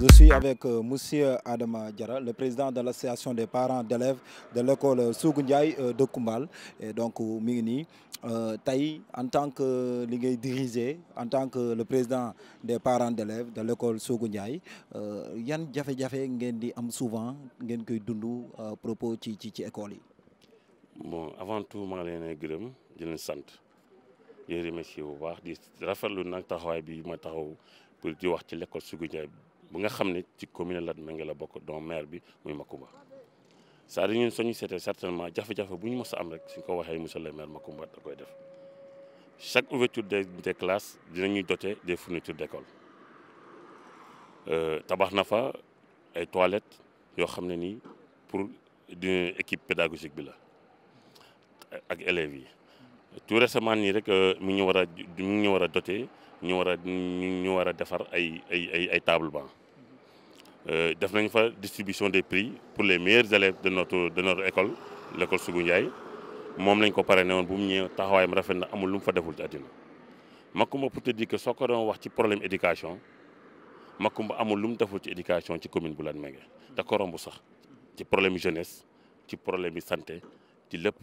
Je suis avec euh, Monsieur Adama Diara, le président de l'association des parents d'élèves de l'école Sougoundiaï euh, de Koumbal. Et donc, Mingini, euh, euh Taï, en tant que dirigé, en tant que le président des parents d'élèves de l'école Sougoundiaï, euh, Yann Diafé Diafé, vous am souvent dit à propos de l'école Bon, avant tout, je suis di di leen di remercier bu baax di pour l'école Sougoundiaï bu nga xam ci commune Latmingué la bok do maire bi muy Makumba c'est-à-dire ñun suñu seetee certainement jafe-jafe bu ñu am rek suñ ko waxé monsieur le maire Makumba da koy def chaque ouverture des des classes dinañuy doté des fournitures d'école euh, tabax na fa ay toilettes yo xamné ni pour d'une équipe pédagogique bi la ak élèves yi tout récemment ni rek euh, mi ñu wara a mi ñu wara doté ñu wara ñu wara défar ay ay ay ay table euh def nañ fa distribution des prix pour les meilleurs élèves de notre de notre école l'école école Sougou Ndiaye moom lañ ko parrainé woon bu mu taxaway taxawaayam rafet na amul lu mu fa deful ci adina Macoumba pour te dire que soo ko wax ci problème éducation Macoumba amul lu mu deful ci éducation ci commune bu Latmingué da korombu sax ci problème jeunesse ci problème santé ci lépp.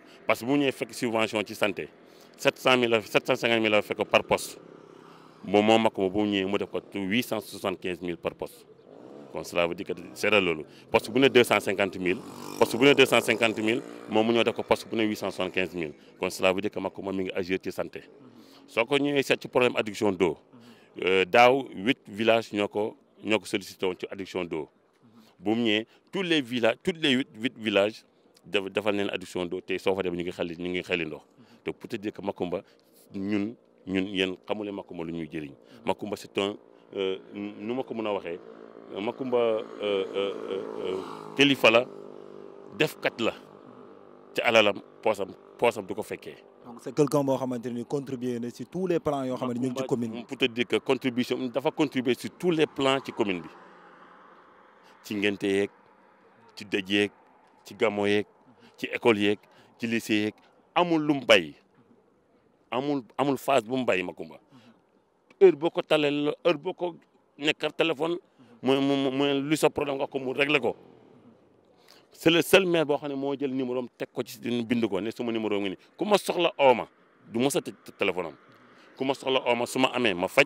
parce que vous avez fekk subvention ci santé 700000 000 750000 par poste moom moo mag bu par poste kon cela veut dire que c'est loolu poste bu ne 250000 poste bu ne 250000 vous mu ñëw def ko poste bu 000. 875000 kon cela veut que vous avez mi agir ci santé soo ko problème d'addiction d'eau euh, dans 8 villages nous avons une sollicité d'eau bu tous les villages tous les villages defal neen adduction doo te soo fa dem ñu ngi xali ñu ngi xelindoo te pour te dire que Makumba ñun ñun yéen xamule Makumba lu ñuy jëriñ Makumba c'est un euh, nu ma ko mën a waxee Makumba euh, euh, kilifa la defkat la ci alalam poosam poosam du ko fekkee. donc c'est quelqu'un boo xamante ni contribuer na tous les plans yoo xamante ni ñu ci commune pour te dire que contribution dafa contribuer sur tous les plans ci commune bi ci ngente ci dëj ci gamo yek ci école yek ci lycée yek amul lu mu bay amul amul phase bu mbay bay Makumba heure boko ko heure boko ko nekkar téléphone moy moy lu sa problème nga ko mu réglé ko c'est le seul maire bo xam mo jël numéro am ko ci bind ko né suma numéro ngi ni ku soxla ooma du mos sa téléphone am soxla ooma suma amé ma faj.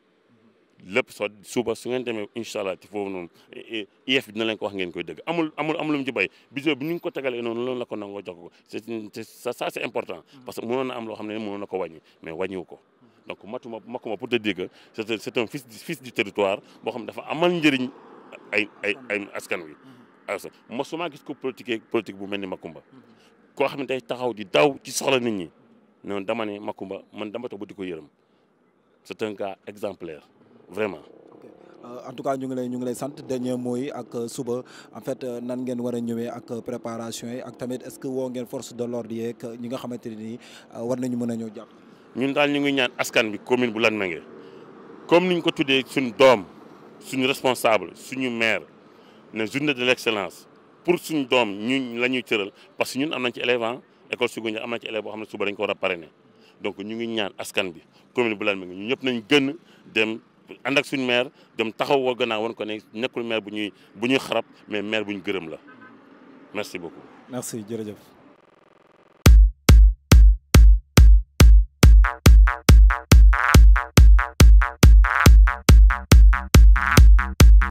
lépp soo suba su ngeen demee incha allah ci foofu noonu IEF e, e bi dina leen ko wax ngeen koy dëgg amul amul amul lu ci bay biso bi ni ko tegalee noonu loolu la ko nangoo jox ko c'est ça c'est important mm. parce que mënoon na am loo xam ne mënoon na ko wàññi mais wàññiwu ko donc matuma makuma pour te dire que c'est c'est un fils fils du territoire boo xam ne dafa amal njëriñ ay ay ay askan wi mm-hmm. as mosuma gis ko politique politique bu mel ni Makumba mm-hmm. koo xam ne day taxaw di daw ci soxla nit ñi noonu dama ne Makumba man dama toog ba di ko yërëm c'est un cas exemplaire vraiment. Euh, en tout cas ñu ngi lay ñu ngi lay sant dernier mois yi ak euh, suba en fait euh, nan ngeen war a ñëwee ak préparation yi ak tamit est-ce que woo ngeen force de l'ordre yeeg ñi nga xamante ne nii war nañu mën a ñëw jàpp. ñun daal ñu ngi ñaan askan bi commune bu Latmingué comme niñ ko tuddee suñu doom suñu responsable suñu maire ne journée de l'excellence pour suñu doom ñu la ñuy parce que ñun am nañ ci élèves hein. école secondaire am ci élèves boo xam ne suba dañ ko war parrainer donc ñu ngi ñaan askan bi commune bu Latmingué ñun ñëpp nañ gën dem. ànd ak suñu maire dem taxaw woo gannaaw woon ko ne nekkul maire bu ñuy bu ñuy xarab mais maire bu ñu gërëm la merci beaucoup. merci jërëjëf.